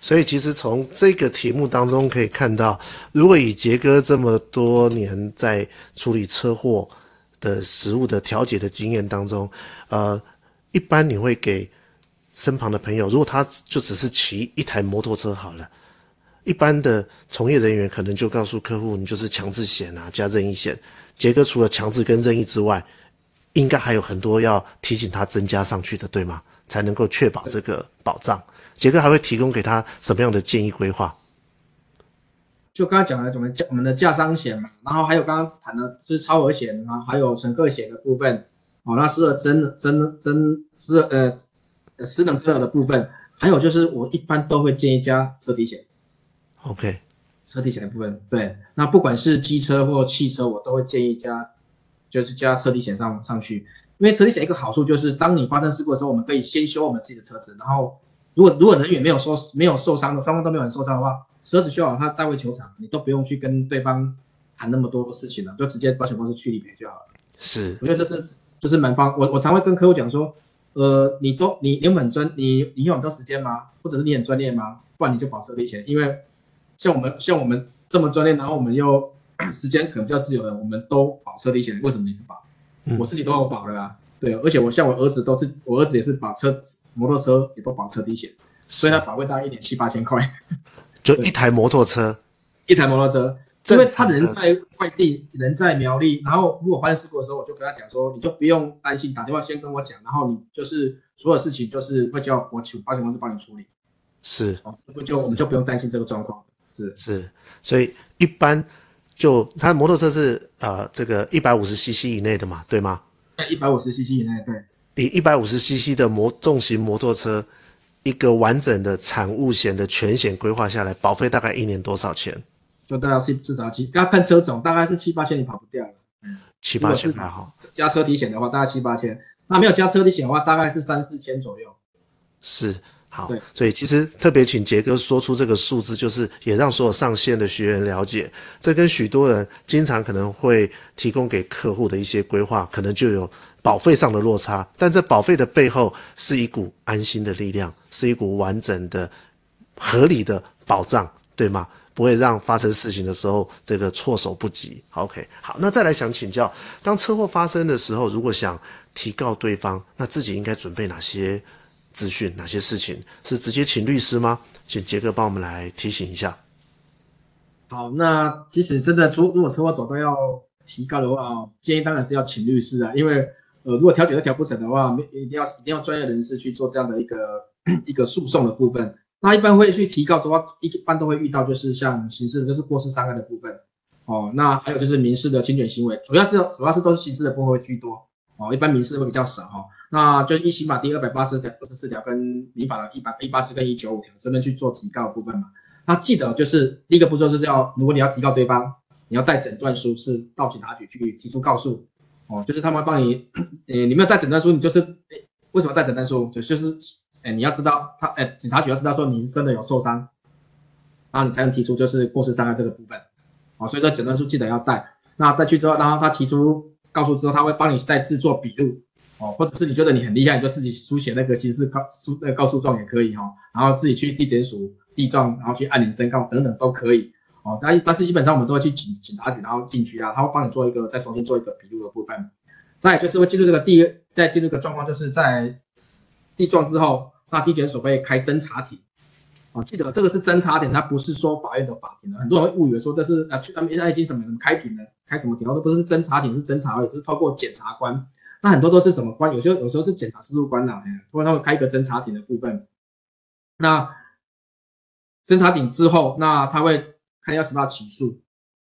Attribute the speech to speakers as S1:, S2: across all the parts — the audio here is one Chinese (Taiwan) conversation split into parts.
S1: 所以其實從這個題目當中可以看到，如果以傑哥這麼多年在處理車禍的實務的調解的經驗當中，呃，一般你會給身旁的朋友，如果他就只是騎一台摩托車好了，一般的從業人員可能就告訴客戶，你就是強制險啊，加任意險。傑哥除了強制跟任意之外，應該還有很多要提醒他增加上去的，對嗎？才能夠確保這個保障。傑哥還會提供給他什麼樣的建議規劃？
S2: 就剛剛講了我們我們的駕商險嘛，然後還有剛剛談的是超額險，然後還有乘客險的部分，哦，那是呃真真真是呃十等十二的部分，還有就是我一般都會建議加車體險。OK，車體險的部分，對，那不管是機車或汽車，我都會建議加，就是加車體險上上去，因為車體險一個好處就是，當你發生事故的時候，我們可以先修我們自己的車子，然後。如果如果人員沒有受沒有受傷的雙方,方都沒有人受傷的話，車子修好他代為求償，你都不用去跟對方談那麼多事情了，就直接保險公司去理賠就好了。
S1: 是，我覺得這是
S2: 就是蠻方我我常會跟客戶講說，呃，你都你你有很專你你有很多時間嗎？或者是你很專業嗎？不然你就保車險，因為像我們像我們這麼專業，然後我們又時間可能比較自由的，我們都保車險，為什麼你不保？嗯、我自己都要保了啊，對、哦，而且我像我兒子都是我兒子也是保車子。摩托車也不保車底險，所以他保費大概一點七八千塊，
S1: 就一台摩托車，
S2: 一台摩托車，因為他人在外地，嗯、人在苗栗，然後如果發生事故的時候，我就跟他講說，你就不用擔心，打電話先跟我講，然後你就是所有事情就是會叫我請保險公司幫你處理，
S1: 是，就我們就不用擔心這個狀況，是是，所以一般就他摩托車是呃這個一百五十 cc 以內的嘛，對嗎？在一百五十 cc 以內，對。以一百五十 CC 的摩重型摩托車，一個完整的產物險的全險規劃下來，保費大概一年多少錢？
S2: 就大概是至少七，要看車種，大概是七八千，你跑不掉了。
S1: 七八千還好，
S2: 加車體險的話大概七八千，那沒有加車體險的話大概是三四千左右。
S1: 是。好，所以其實特別請傑哥說出這個數字，就是也讓所有上線的學員了解，這跟許多人經常可能會提供給客戶的一些規劃，可能就有保費上的落差，但這保費的背後是一股安心的力量，是一股完整的、合理的保障，對嗎？不會讓發生事情的時候這個措手不及。好，OK，好，那再來想請教，當車禍發生的時候，如果想提告對方，那自己應該準備哪些？資訊哪些事情，是直接請律師嗎？請杰哥幫我們來提醒一下。
S2: 好，那即使真的如如果車禍走到要提告的話，建議當然是要請律師啊，因為呃，如果調解都調不成的話，沒一定要一定要專業人士去做這樣的一個一個訴訟的部分。那一般會去提告的話，一般都會遇到就是像刑事就是過失傷害的部分哦，那還有就是民事的侵權行為，主要是主要是都是刑事的部分居多。哦，一般民事會比較少哈，那就依刑法第二百八十四條跟《民法》一百一八四跟一九五條這邊去做提告的部分嘛。那記得就是第一個步驟就是要，如果你要提告對方，你要帶診斷書是到警察局去提出告訴。哦，就是他們幫你、哎，你沒有帶診斷書，你就是、哎、為什麼帶診斷書？就是、哎、你要知道他、哎，警察局要知道說你是真的有受傷，然後你才能提出就是過失傷害這個部分。哦，所以說診斷書記得要帶。那帶去之後，然後他提出。告訴之後，他會幫你再制作筆錄哦，或者是你覺得你很厲害，你就自己書寫那個刑事告書那個、告訴狀也可以哈，然後自己去地檢署遞狀，然後去按鈴聲告等等都可以哦。但但是基本上我們都會去警警察局，然後進去啊，他會幫你做一個再重新做一個筆錄的部分。再就是會進入這個第再進入一個狀況，就是在遞狀之後，那地檢署會開偵查庭。哦，記得這個是偵查庭，它不是說法院的法庭的。很多人會誤以為說這是啊，去那、啊、已經什麼什麼開庭的，開什麼庭，那都不是偵查庭，是偵查而已，只是透過檢察官。那很多都是什麼官？有些有時候是檢察事務官啦、啊，不過他會開一個偵查庭的部分。那偵查庭之後，那他會看要什麼要起訴。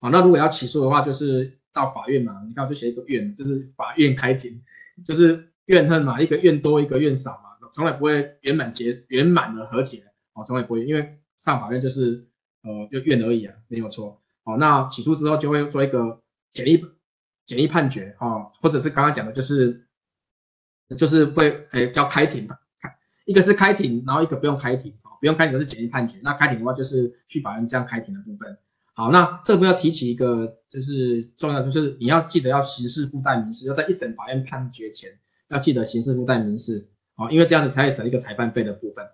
S2: 啊、哦，那如果要起訴的話，就是到法院嘛。你看，我就寫一個院，就是法院開庭，就是怨恨嘛，一個院多，一個院少嘛，從來不會圓滿結，圓滿的和解。哦，從來不會，因為上法院就是呃，就怨而已啊，沒有錯。哦，那起訴之後就會做一個簡易簡易判決，哦，或者是剛剛講的就是就是會誒要開庭吧，開一個是開庭，然後一個不用開庭，哦、不用開庭的是簡易判決。那開庭的話就是去法院這樣開庭的部分。好，那這邊要提起一個就是重要的，就是你要記得要刑事附帶民事，要在一審法院判決前要記得刑事附帶民事，哦，因為這樣子才會省一個裁判費的部分。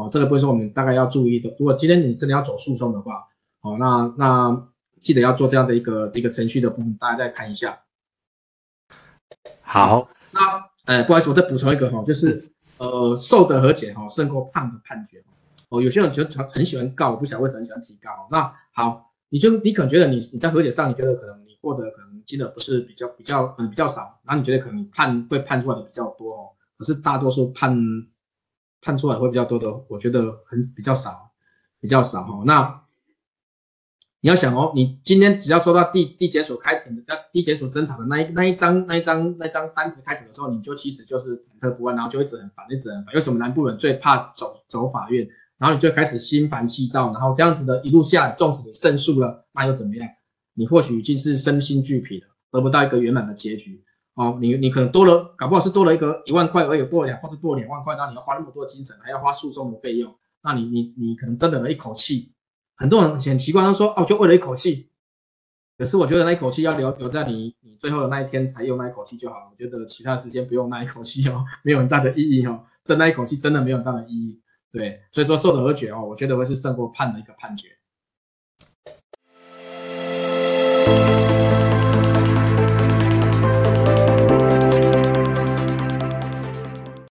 S2: 哦，這個不是說我們大概要注意的。如果今天你真的要走訴訟的話，哦、那那記得要做這樣的一個一、這個程序的部分，大家再看一下。
S1: 好，嗯、那、
S2: 哎、不好意思，我再補充一個哈、哦，就是呃，瘦的和解哈、哦、勝過胖的判決。哦，有些人覺得很喜歡告，我不曉得為什麼喜歡提告。哦、那好，你就你可能覺得你你在和解上，你覺得可能你獲得可能金額不是比較比較、嗯、比較少，然後你覺得可能判被判出來的比較多哦。可是大多數判。判出來會比較多的，我覺得很比較少，比較少哈、哦。那你要想哦，你今天只要說到地地檢署開庭，那地檢署偵查的那一那一張那一張那張單子，開始的時候，你就其實就是忐忑不安，然後就一直很煩，一直很煩。為什麼南部人最怕走走法院？然後你就開始心煩氣躁，然後這樣子的一路下來，縱使你勝訴了，那又怎麼樣？你或許已經是身心俱疲了，得不到一個圓滿的結局。哦，你你可能多了，搞不好是多了一個一萬塊而已，或者多了兩，或者多了兩萬塊，那你要花那麼多精神，還要花訴訟的費用，那你你你可能真的有一口氣。很多人很奇怪，他說哦，就為了一口氣。可是我覺得那一口氣要留留在你你最後的那一天才有那一口氣就好了，我覺得其他時間不用那一口氣哦，沒有很大的意義哦，爭那一口氣真的沒有很大的意義。對，所以說受的而決哦，我覺得會是勝過判的一個判決。